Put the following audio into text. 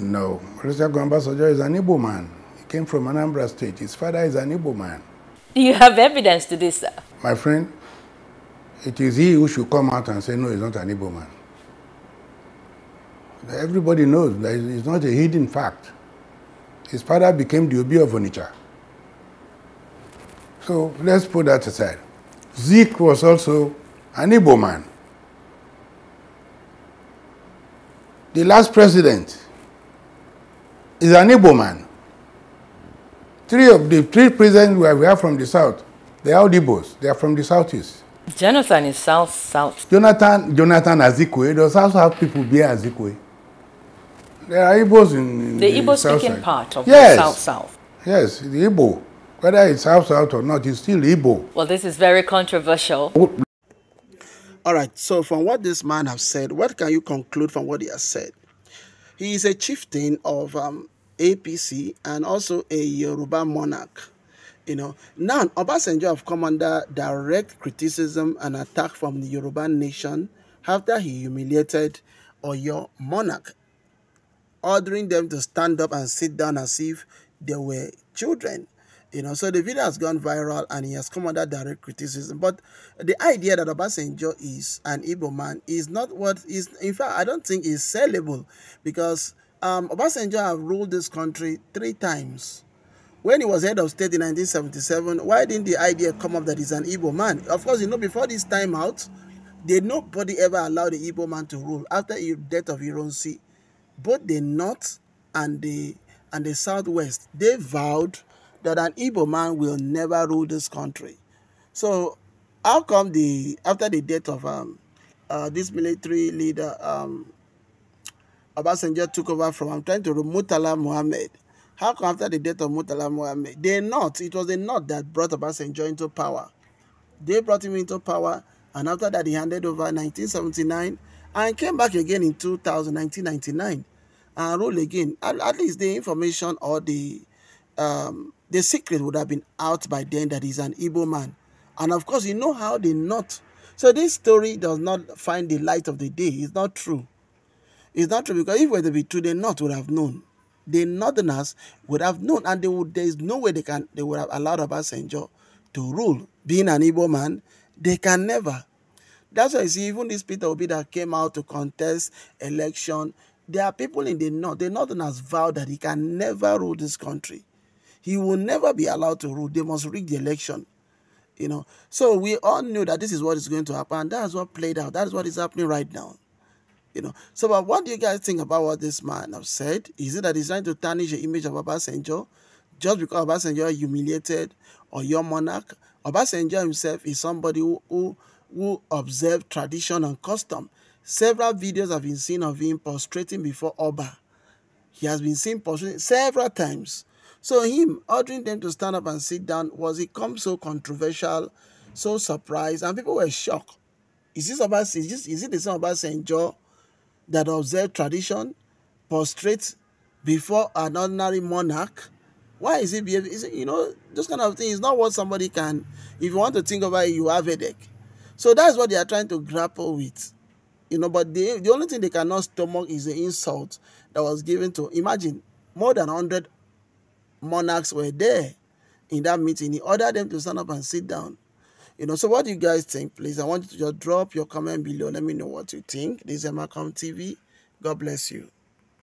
No. Professor Gwambasojo is an Igbo man. He came from Anambra State. His father is an Igbo man. You have evidence to this, sir? My friend, it is he who should come out and say, no, he's not an Igbo man. Everybody knows that it's not a hidden fact. His father became the Obi of Onicha. So let's put that aside. Zeke was also an Igbo man. The last president is an Igbo man. Three of the three prisons where we are from the south, they are all Igbos. They are from the southeast. Jonathan is south south. Jonathan Jonathan Azikwe. Does also have people be Azikwe. There are Igbos in, in the, the Igbo speaking side. part of yes. the south south. Yes, the Igbo. Whether it's south south or not, it's still Igbo. Well, this is very controversial. All right. So, from what this man has said, what can you conclude from what he has said? He is a chieftain of um, APC and also a Yoruba monarch. You know, now Obasanjo have come under direct criticism and attack from the Yoruba nation after he humiliated Oyo monarch, ordering them to stand up and sit down as if they were children. You know, so the video has gone viral and he has come under direct criticism. But the idea that Obasanjo is an Igbo man is not what is, in fact, I don't think is sellable because um, Obasanjo have ruled this country three times. When he was head of state in 1977, why didn't the idea come up that he's an Igbo man? Of course, you know, before this time out, did nobody ever allow the Igbo man to rule. After the death of Ironsi, both the North and the and the Southwest, they vowed that an Igbo man will never rule this country. So how come the after the death of um, uh, this military leader um, Obasanjo took over from, I'm trying to remove Mutala Muhammad. How come after the death of Mutala Mohammed, they not, it was the not that brought Obasanjo into power. They brought him into power, and after that he handed over 1979 and came back again in 2000, 1999 and ruled again. At, at least the information or the um, the secret would have been out by then that he's an evil man. And of course, you know how they not. So this story does not find the light of the day. It's not true. It's not true because if it were to be true, the not would have known. The Northerners would have known, and they would. There is no way they can. They would have allowed Obasanjo to rule. Being an evil man, they can never. That's why you see, even this Peter Obi that came out to contest election, there are people in the North. The Northerners vowed that he can never rule this country. He will never be allowed to rule. They must rig the election. You know, so we all knew that this is what is going to happen. And that's what played out. That's what is happening right now. You know, so but what do you guys think about what this man have said? Is it that he's trying to tarnish the image of Obasanjo just because Obasanjo humiliated or your monarch? Obasanjo himself is somebody who, who, who observed tradition and custom. Several videos have been seen of him prostrating before Oba. He has been seen prostrating several times. So him ordering them to stand up and sit down was it come so controversial, so surprised, and people were shocked. Is this about is this is it the same about Saint John that observed tradition, prostrate before an ordinary monarch? Why is it behaving? you know, those kind of things is not what somebody can. If you want to think about it, you have a deck. So that's what they are trying to grapple with. You know, but the, the only thing they cannot stomach is the insult that was given to, imagine, more than 100 monarchs were there in that meeting. He ordered them to stand up and sit down. You know, so what do you guys think, please? I want you to just drop your comment below. Let me know what you think. This is Malcolm TV. God bless you.